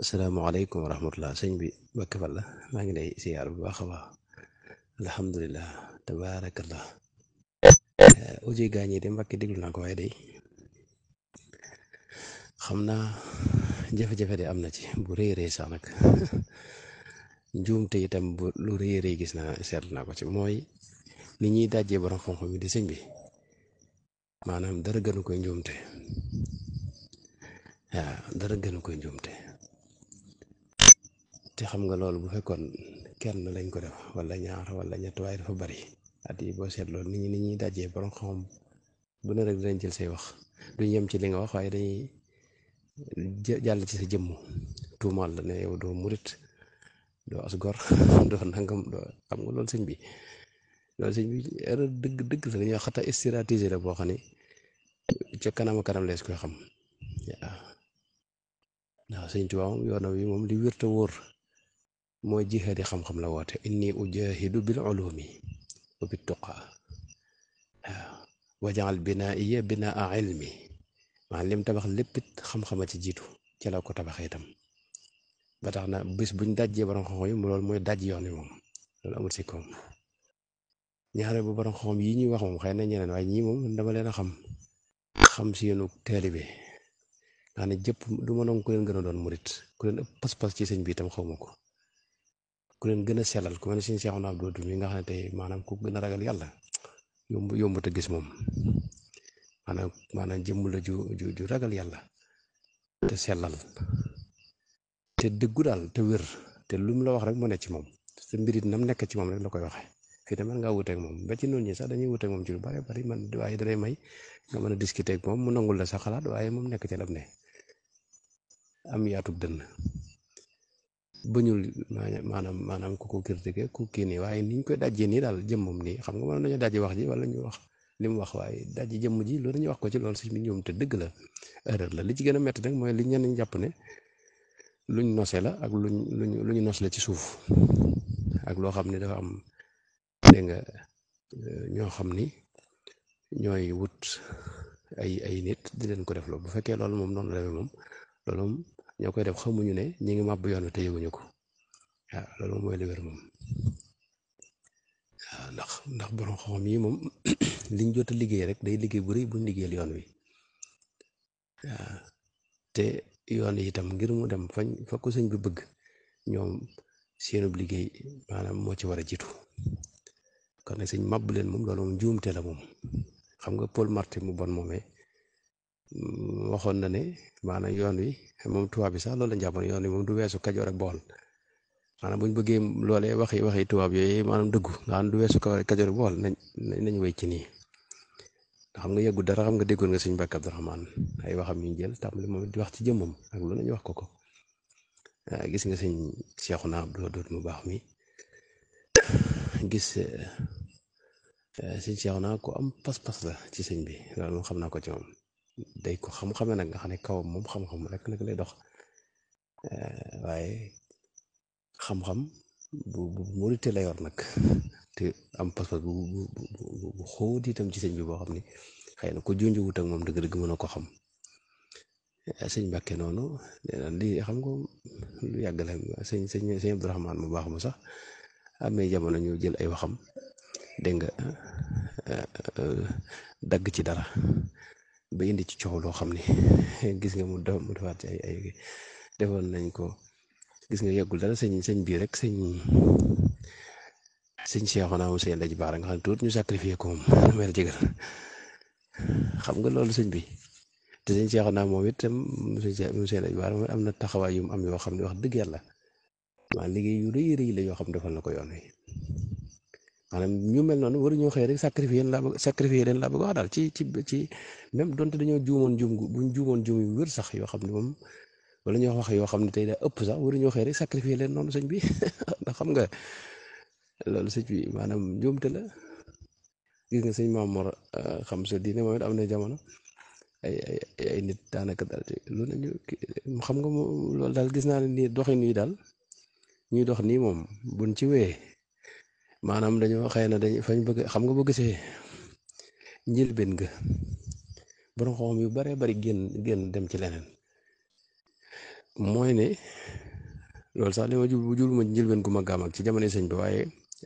asalaamaaleykum wa rahmatulah sëñ bi bakk fal la maa ngi lay siyaar bu baax a baax alhamdulilah tabaarakallah eh, audio gaa ñi de mbakki déglu naa ko waaye day xam naa jafe-jafe de am na ci bu rëy sax nag njuumte itam bu gis naa seetlu naa ko mooy ni ñuy dajjee borom xonq mi di sëñ bi maanaam dara gënu koy njuumte waaw dara gënu koy njuumte te xam nga loolu bu fekkoon kenn lañ ko def wala ñaar wala ñett waaye dafa bari at yi boo seetloo nit ñi nit ñuy dajee borom xam bu rek dinañ jël say wax duñ yem ci li nga wax waaye dañuy jàll ci sa jëmm tuumaal doo murit doo as gor doo xam nga loolu sëñ bi loolu sëñ bi erreur dëgg dëgg la dañuy wax xata stratégie la boo xam ne ca kanam a kanam lees koy xam waaw sëñ Tuubaa moom yoonam yi moom li wér wóor mooy jihaadi xam-xam la woote inni ujahidu bil ulumi wa bit tuqa waaw wajaal binaiya binaa ilmi maanaam mu tabax léppit xam a ci jiitu ci la ko tabaxee itam ba tax na bis buñ dajjee borom xam-xam yi loolu mooy daj yoon wi moom loolu amul si bu borom xam yi ñuy wax moom xëy na ñeneen waaye ñii moom dama leen a xam xam si yéenu taalibe nga xam ne jëpp du ma doon ku leen gën a doon murit ku leen ëpp pas-pas ci sëñ bi itam xaw ma ko ku leen gën a sellal ku mel ne suñu seexoon Abdou Diouf nga xam ne tey maanaam ku gën a ragal yàlla yomb yombut gis moom maanaam maanaam jëmm la ju ju ju ragal yàlla te te dëggu daal te wér te lu mu la wax rek mu ne ci moom te mbirit nam nekk ci moom la koy waxee fii tamit nga wuteeg moom ba ci noonu ñi sax dañuy wuteeg moom ci lu bari bari man waaye dalay may nga mën a discuter ak moom mu nangul la sa xalaat waaye moom nekk ci lam ne am yaatug dënn bañul maanaam maanaam ku ko critiqué ku kii nii waaye niñ koy dajee nii daal jëmmam nii xam nga mën nañoo daje wax ji wala ñu wax li mu wax waaye daje jëmm ji loolu ñu wax ko ci loolu si ñoom te dëgg la la li ci gën a métti nag mooy li ñenn ñi jàpp ne nose la ak luñ luñ luñ nos la ci suuf ak loo xam ne dafa am nga euh, ñoo xam ni ñooy wut ay ay nit di leen ko def loolu bu fekkee loolu moom noonu la moom loolu ñoo koy def xamuñu ne ñi ngi màbb yoon wi te yëguñu ko waaw loolu mooy li wér moom waaw ndax ndax borom xam moom liñ jot a liggéey rek day liggéey bu rëy buñ liggéeyal yoon wi te yoon yi itam ngir mu dem fañ fa sëñ bi bëgg ñoom seenub liggéey maanaam moo ci war a jiitu kon nag sëñ màbb leen moom loolu moom njuumte la moom xam nga Paul Marty mu bon moomee Mm, waxoon na ne maanaam yoon wi moom tubaab bi sax loolu la jàppoon yoon wi moom du weesu kajoor ak bool maanaam bu ñu bëggee loolee waxi waxi tubaab yooyu maanaam dëggu nga xam du weesu kajoor bool nañ nañ wéy ci nii xam nga yëggu dara xam nga déggoon nga suñu Mbàkke Abdu Raxmaan ay waxam ñu jël tàmbali moom di wax ci jëmmam ak lu nañu wax ko ko ah, gis nga sëñ Seexuna Abdul Waduud mu baax mi gis eh, sëñ Seexuna ku am pas-pas la ci sëñ bi loolu xam naa ko ci moom day ko xam-xame nag nga xam ne kawam moom xam-xam rek nag lay dox eh, waaye xam-xam bu bu mérite la yor nag te am pas-pas bu bu bu bu xóot ci sëñ bi boo xam ni xëy na ko junjowut ak moom dëgg-dëgg mën a ko xam eh, sëñ Mbàkke noonu nee xam nga yàgg la sëñ sëñ sëñ Abdourahmaan mu baax ma sax amee jamono ñu jël ay waxam dégg nga eh, dagg ci dara ba indi ci coow loo xam ne gis nga mu mu defaat ci ay ay defoon nañ ko gis nga yeggul dara sëñ sëñ bii rek sëñ sëñ Cheikhouna Ousseyn Daj Baara nga xam ne tuut ñu sacrifié ko moom nga loolu sëñ bi te sëñ Cheikhouna moom tam Ousseyn Daj Baara am na taxawaay yu mu am yoo xam ne wax dëgg yàlla maa liggéey yu rëy rëy la yoo xam defoon na ko yoon wi maanaam ñu mel noonu waruñoo xëy rek sacrifier leen laa bëgg sacrifier leen laa bëgg wax daal ci ci ci même donte dañoo juumoon juum buñ juumoon juum yu wër sax yoo xam ne moom wala ñoo wax yoo xam ne tey daa ëpp sax waruñoo xëy rek sacrifier leen noonu sëñ bi ndax xam nga loolu sëñ bi maanaam njuumte la gis nga sëñ Mamour euh, xam sa diine moom it am na jamono ay ay nit daanaka daal lu ne xam nga loolu daal gis naa ne nii doxin yi daal ñuy dox nii moom buñ ci wéyee. maanaam dañoo xëy na dañ fañ bëgg xam nga boo gisee njëlbéen ga borom xoom yu bare bari génn génn dem ci leneen mooy ne loolu sax li ma jublu jublu ma njëlbéen gu ma gàmm ak ci jamono sëñ bi waaye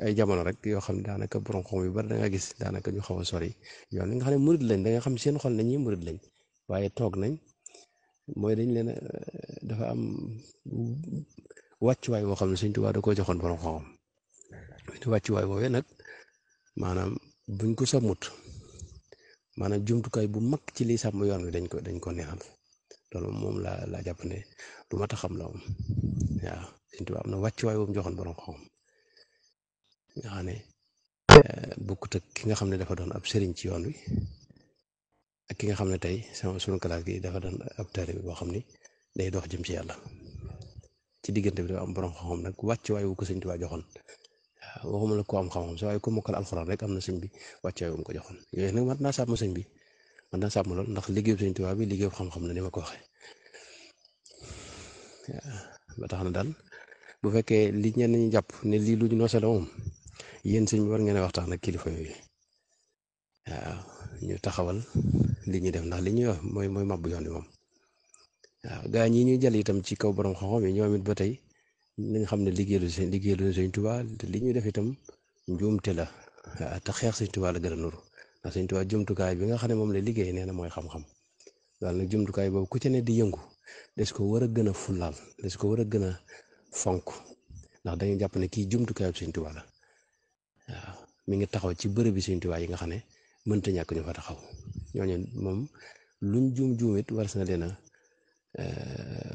ay jamono rek yoo xam ne daanaka borom yu bari da nga gis daanaka ñu xaw a sori yoon li nga xam ne murid lañ da nga xam seen xol nañ ñi murid lañ waaye toog nañ mooy dañ leen dafa am wàccuwaay boo xam ne sëñ Tuubaa da koo joxoon borom xoom wàccuwaay woowee nag maanaam buñ ko sàmmut maanaam jumtukaay bu mag ci liy sàmm yoon wi dañ ko dañ ko neexal loolu moom laa laa jàpp ne lu mat a xam la moom waaw Sëñ na wàccuwaay woom joxoon borom xam nga xam ne eh, bokkut ki nga xam ne dafa doon ab sëriñ ci yoon wi ak ki nga xam ne tey sama sunu classe gi dafa doon ab taalibe boo xam ni day dox jëm ci yàlla ci diggante bi dafa am borom xam-xam nag wàccuwaay wu ko Sëñ Tuubaa joxoon waxuma la ko am xam-xam sa waaye ku mokkal alxuraan rek am na sëñ bi wàccaay um ko joxoon yooyu nag mat naa sàmm sëñ bi mat naa sàmm lool ndax liggéeyu sëñ Tuubaa bi liggéeyu xam-xam la ni ma ko waxee ba tax na daal bu fekkee li ñenn ñi jàpp ne lii lu ñu noose la moom yéen sëñ war ngeen a tax na kilifa yooyu ñu taxawal li ñuy def ndax li ñuy wax mooy mooy màbbu yoon wi moom gaa ñii ñuy jël itam ci kaw borom xam-xam yi ñoom it ba tey nañ xam ne liggéeyal seen liggéeyal sëñ Tuubaa li ñuy def itam njuumte la ah, te xeex sëñ Tuubaa la gën a nuru ndax sëñ Tuubaa jumtukaay bi nga xam ne moom la liggéey nee na mooy xam-xam daal nag jumtukaay boobu ku ci ne di yëngu des ko war a gën a fullaal des ko war a gën a fonk ndax dañu jàpp ne kii jumtukaay bi sëñ Tuubaa la waaw mi ngi taxaw ci bërëb bi sëñ yi nga xam ne mënta ñàkk ñu fa taxaw ñooñu moom luñ juum juumit war na leen a war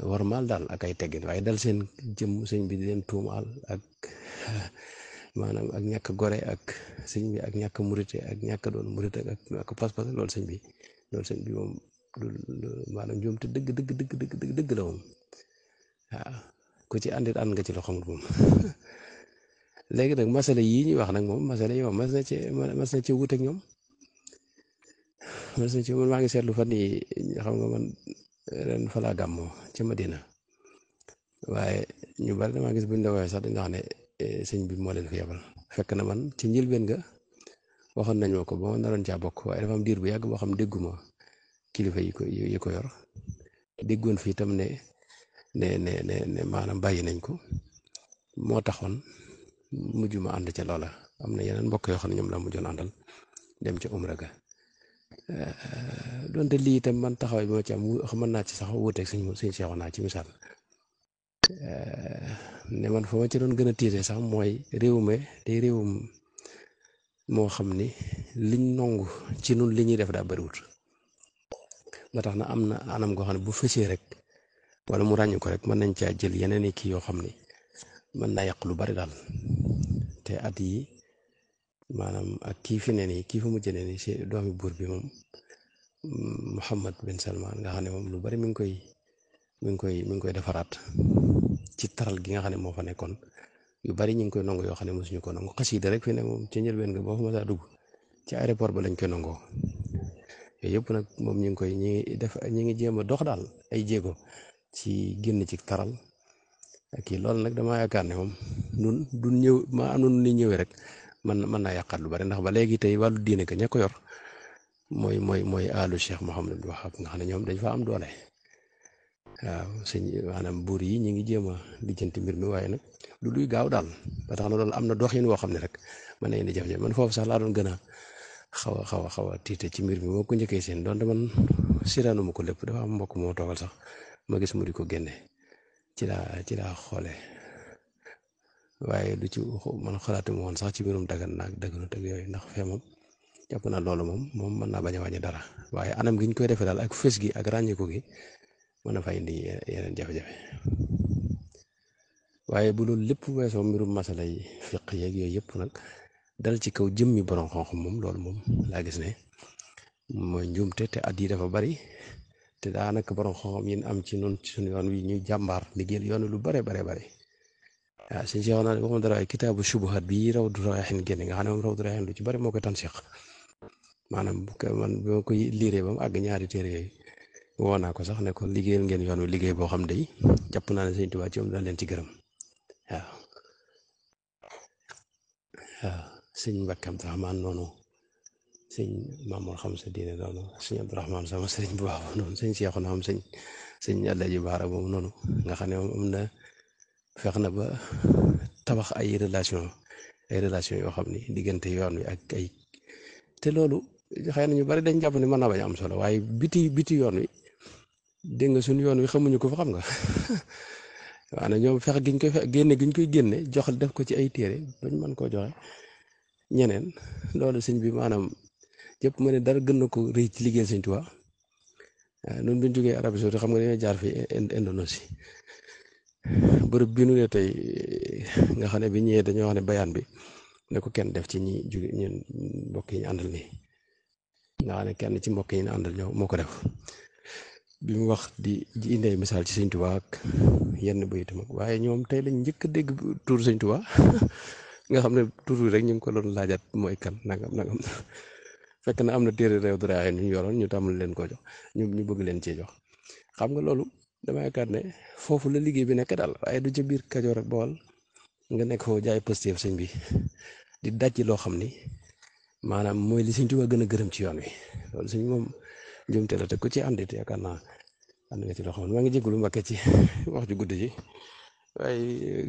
eh, warmaal daal ak ay teggin waaye dal seen jëm sëñ bi di leen tuumaal ak maanaam ak ñàkk gore ak sëñ bi ak ñàkk murite ak ñàkk doon murite ak ñàkk pas loolu sëñ bi loolu sëñ bi moom maanaam juum te dëgg dëgg dëgg dëgg ci àndit ànd nga ci loo xamul nag masala yii ñuy wax nag moom masala yi moom mas na ci mas na ci wuuteeg ñoom mas na ci man maa ngi seetlu fan yi xam nga man ren fa gàmmoo ci Madina waaye ñu bari damaa gis buñ la woowee sax dañ wax ne eh, sëñ bi moo leen fi yebal fekk na man ci njëlbeen nga waxoon nañ ma ko ba ma naroon caa bokk waaye dafa diir bu yàgg boo xam dégguma kilifa yi ko yi ko yor déggoon fi itam ne ne ne ne maanaam bàyyi nañ ko moo taxoon mujj ma ànd ca loola am na yeneen mbokk yoo xam ne ñoom laa mujjoon àndal dem ca umra ga Euh, donte lii itam man taxawaay bi ma ci am mën naa ci sax wuuteeg suñ suñ seexoon naa ci misaal euh, ne man foo ma ci doon gën a tiite sax mooy réew mi réewum moo xam ni liñ nongu ci nun li ñuy def daa bëriwut ba tax na am na anam goo xam ne bu fësee rek wala mu ràññ ko rek mën nañ caa jël yeneen i kii yoo xam ni mën naa yàq lu bari daal te at yi maanaam ak kii fi ne kii fi mujj ne nii si doomi buur bi moom Muhammad bin Salman nga xam ne moom lu bari mi ngi koy mi ngi koy mi ngi koy defaraat ci taral gi nga xam ne moo fa nekkoon yu bari ñu ngi koy nangu yoo xam ne mosuñu ko nangu xasiida rek fi ne moom ci njëlbeen nga boo fa mësaa dugg ci aéroport ba lañ koy nangoo yooyu yëpp nag moom ñu ngi koy ñu ngi def ñu ngi jéem a dox daal ay jéego ci génn ci taral ak kii loolu nag dama yaakaar ne moom nun du ñëw maa ñëwee rek. mën mën naa yàqaat lu bari ndax ba léegi tey wàllu diine ka ña ko yor mooy mooy mooy àllu Cheikh Mouhamed Abdou Wahab nga xam ne ñoom dañ fa am doole waaw sëñ maanaam buur yi ñu ngi jéem a lijjanti mbir mi waaye nag luy gaaw daal ba tax na loolu am na doxin woo xam ne rek mën na indi jafe-jafe man foofu sax laa doon gën a xaw a xaw xaw a tiite ci mbir mi moo ko njëkkee seen doon donte man siraanu ma ko lépp dafa am mbokk moo toogal sax ma gis mu di ko génne ci laa ci laa xoole waaye du ci man xalaatuma woon sax ci mbirum dagan ak daganut ak yooyu ndax fee moom jàpp naa loolu moom moom mën naa bañ a wàññi dara waaye anam gi koy defee daal ak fës gi ak ràññeeku gi mën a fa indi yeneen jafe-jafe waaye bu loolu lépp weesoo mbirum masala yi fiq yeeg yooyu yëpp nag dal ci kaw jëmmi borom xonq moom loolu moom laa gis ne mooy njuumte te at yi dafa bari te daa daanaka borom xonq yi am ci noonu ci suñu yoon wi ñuy jàmbaar liggéeyal yoon lu bare bare bari waaw ah, suñ si wax naa waxuma dara ay kitaabu subuhat bi raw du raxin génn nga xam ne raw du raxin lu ci bari moo koy tansiq maanaam man ma koy liiree ba mu àgg ñaari téere yooyu woo naa ko sax ne ko liggéeyal ngeen yoon liggéey boo xam day jàpp naa ne sëñ Tuubaa ci moom dana leen ci gërëm waaw waaw sëñ Mbàkke Abdurahmaan noonu sëñ Maamoor xam sa diine noonu sëñ Abdurahmaan sama sëñ bu baax boobu noonu nga xam ne moom am na fex na ba tabax ay relation ay relation yoo xam ni diggante yoon wi ak ay te loolu xëy na ñu bari dañ jàpp ni mën naa bañ am solo waaye biti biti yoon wi dégg nga suñu yoon wi xamuñu ko fa xam nga waana ñoom fex giñ koy fex giñ koy génne jox def ko ci ay téere bañ mën koo joxe ñeneen loolu sëñ bi maanaam yëpp ma ne dara gën na ko rëy ci liggéey sëñ Tuubaa noonu bi jógee Arabie Saoudite xam nga dañoo jaar fi Indonésie bërëb bii nu ne tey eh, nga xam ne bi ñëwee dañoo wax ne bayaan bi ne ko kenn def ci ñi jóge ñun mbokk yi àndal nii nga xam ne kenn ci mbokk yi ñu àndal ñoo moo ko def bi mu wax di di indee misaal ci sëñ Tuubaa ak yenn bayit waaye ñoom tey lañ njëkk dégg tur sëñ Tuubaa nga xam ne tur wi rek ñu ngi ko doon laajaat mooy kan nangam nangam fekk na am na téere réew dara ñu yoroon ñu tàmmal leen koo jox ñu ñu bëgg leen cee jox xam nga loolu. dama yaakaar ne foofu la liggéey bi nekk daal ay du ca biir Kajoor ak Bawol nga nekk foofu jaay positif sëñ bi di daj loo xam ni maanaam mooy li sëñ Tuubaa gën a gërëm ci yoon wi loolu moom njuumte la te ku ci àndit yaakaar naa ànd nga ci loo xam ne maa ngi jégalu ci wax ju guddi ji waaye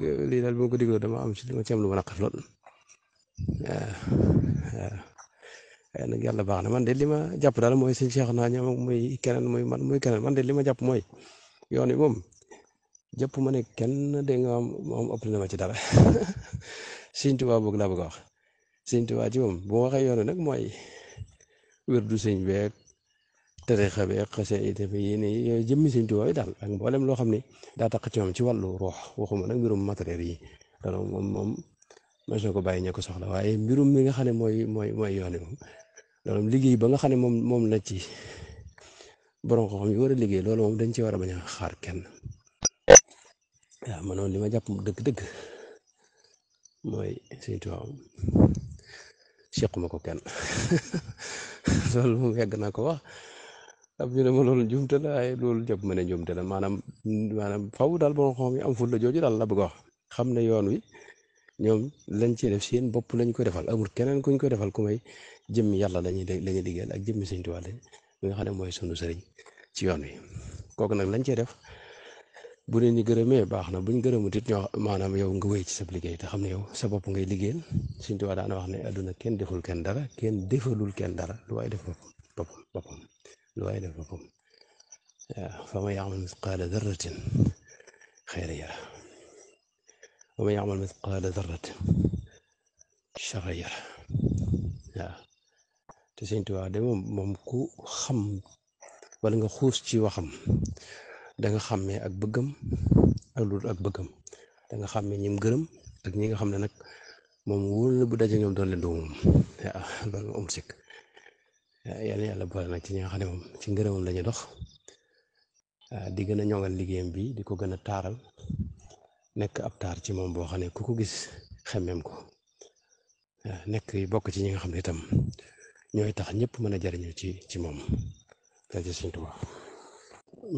eh, lii daal boo ko dégloo dama am si dama ci lu ma naqar lool eh, eh, waaw nag yàlla baax na man de li ma jàpp daal mooy sëñ Cheikh na ñoom muy keneen muy man muy keneen man de li ma jàpp mooy. yoon wi moom jëpp ma ne kenn dégg nga moom ëpp na ma ci dara sëñ Tuubaa boog laa bëgg wax sëñ Tuubaa ci moom bu ma waxee yoon nag mooy wérdu sëñ beeg tarixa beeg xase itam yéen yooyu jëmmi sëñ Tuubaa yi daal ak mboolem loo xam ne daata tax ci moom ci wàllu ruux waxuma nag mbirum matériel yi loolu moom ko bàyyi waaye mbirum mi nga xam ne mooy mooy mooy yoon moom loolu liggéey ba nga xam ne moom moom la ci. borom xam yi war a liggéey loolu moom dañ ci war a bañ a xaar kenn waaw man li ma jàpp dëgg-dëgg mooy Sëñ Tuubaa sequma ko kenn loolu moom yàgg naa ko wax am ñu ne ma loolu jumte la ay loolu jàpp ma ne jumte la maanaam maanaam faw daal borom xam am ful la jooju daal la bëgg a wax xam ne yoon wi ñoom ci def seen bopp lañ ko defal amul keneen kuñ ko defal ku may jëmmi yàlla lañuy lañuy liggéeyal ak jëmmi Sëñ Tuubaa bi nga ne mooy sunu sëriñ ci yoon wi kooku nag lañ cee def bu leen ñu gërëmee baax na buñ gërëmut it ñoo maanaam yow nga wéy ci sa liggéey te xam ne yow sa bopp ngay liggéeyal Sëriñ Tuubaa daana wax ne àdduna kenn deful kenn dara kenn defalul kenn dara lu waay def boppam boppam lu waay def boppam waaw fa man ya'mal mithqaala dharratin xayran yarah wa man te sëñ Tuubaa de moom moom ku xam wala nga xuus ci waxam danga nga ak bëggam ak lu ak bëggam da nga xàmmee ñim gërëm ak ñi nga xam ne nag moom wóor la bu daje ñoom doon leen doomu loolu moom sikk yàlla yàlla nag ci ñi xam ne moom ci ngërëmam lañu dox di gën a ñoŋal liggéeyam bi di ko gën a taaral nekk ab taar ci moom boo xam ne ku ko gis xemmeem ko nekk bokk ci ñi nga xam ne itam ñooy tax ñëpp mën a jariñu ci ci moom daje Sëñ Tuubaa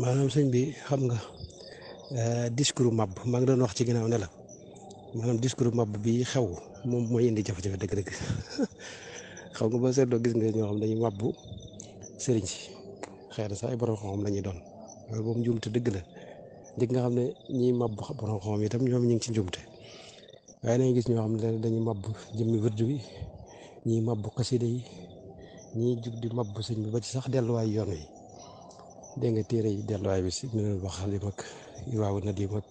maanaam sëñ bi xam nga eh, discours mab maa ngi doon wax ci ginnaaw ne la maanaam discours mab bi xew moom mooy indi jafe-jafe dëgg-dëgg xaw nga ba seetloo gis nga ñoo xam dañuy mabbu sëriñ na sax ay borom xam doon loolu moom njuumte dëgg la njëkk nga xam ne ñiy mabbu borom xam-xam yi tam ñoom ñu ngi ci njuumte waaye nañu gis ñoo xam ne dañuy mabbu jëmmi wird bi ñiy mabbu ñiy jug di mabbu sëñ bi ba ci sax delluwaay yoon wi dégg nga téere yi delluwaay bi si minal waxali mag waaw na di mag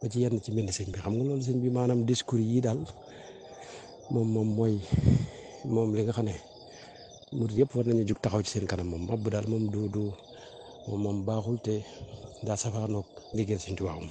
ba ci yenn ci mbind sëñ bi xam nga loolu sëñ bi maanaam discours yi daal moom moom mooy moom li nga xam ne murid yëpp war nañu jug taxaw ci seen kanam moom mabbu daal moom du du moom baaxul te daa safaanoog liggéeyal sëñ Tuubaa moom